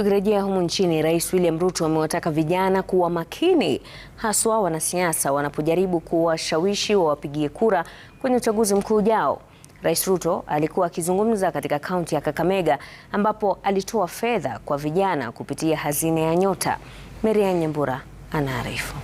Tukirejea humu nchini, Rais William Ruto amewataka vijana kuwa makini, haswa wanasiasa wanapojaribu kuwashawishi wawapigie kura kwenye uchaguzi mkuu ujao. Rais Ruto alikuwa akizungumza katika kaunti ya Kakamega ambapo alitoa fedha kwa vijana kupitia hazina ya Nyota. Maria Nyambura anaarifu.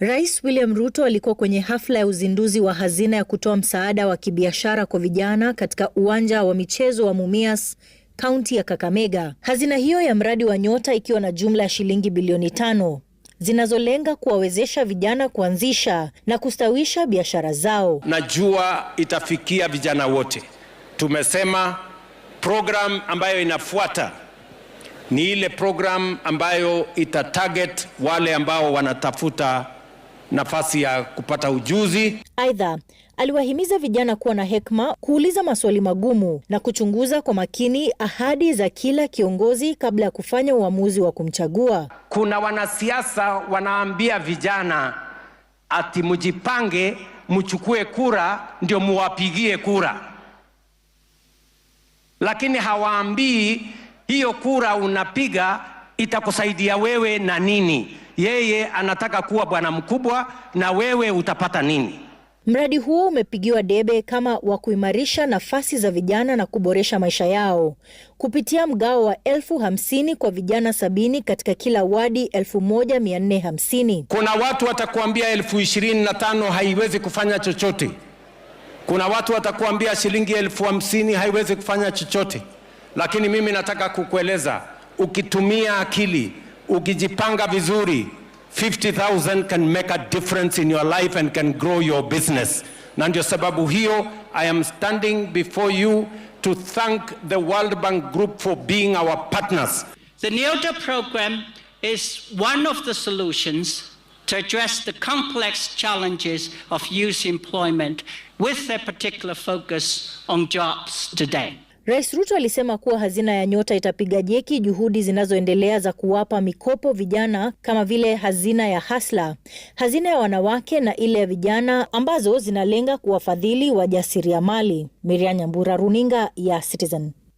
Rais William Ruto alikuwa kwenye hafla ya uzinduzi wa hazina ya kutoa msaada wa kibiashara kwa vijana katika uwanja wa michezo wa Mumias kaunti ya Kakamega. Hazina hiyo ya mradi wa Nyota ikiwa na jumla ya shilingi bilioni tano zinazolenga kuwawezesha vijana kuanzisha na kustawisha biashara zao. Najua itafikia vijana wote. Tumesema program ambayo inafuata ni ile program ambayo ita target wale ambao wanatafuta nafasi ya kupata ujuzi. Aidha, aliwahimiza vijana kuwa na hekima, kuuliza maswali magumu na kuchunguza kwa makini ahadi za kila kiongozi kabla ya kufanya uamuzi wa kumchagua. Kuna wanasiasa wanaambia vijana ati mjipange, mchukue kura ndio muwapigie kura, lakini hawaambii hiyo kura unapiga itakusaidia wewe na nini. Yeye anataka kuwa bwana mkubwa, na wewe utapata nini? Mradi huo umepigiwa debe kama wa kuimarisha nafasi za vijana na kuboresha maisha yao kupitia mgao wa elfu hamsini kwa vijana sabini katika kila wadi elfu moja mia nne hamsini. Kuna watu watakuambia elfu ishirini na tano haiwezi kufanya chochote. Kuna watu watakuambia shilingi elfu hamsini haiwezi kufanya chochote, lakini mimi nataka kukueleza, ukitumia akili, ukijipanga vizuri 50,000 can make a difference in your life and can grow your business. Na Sababuhio. sababu I am standing before you to thank the World Bank Group for being our partners. The NEOTA program is one of the solutions to address the complex challenges of youth employment with a particular focus on jobs today. Rais Ruto alisema kuwa hazina ya Nyota itapiga jeki juhudi zinazoendelea za kuwapa mikopo vijana kama vile hazina ya Hasla, hazina ya wanawake na ile ya vijana ambazo zinalenga kuwafadhili wajasiriamali. Miriam Nyambura, runinga ya Citizen.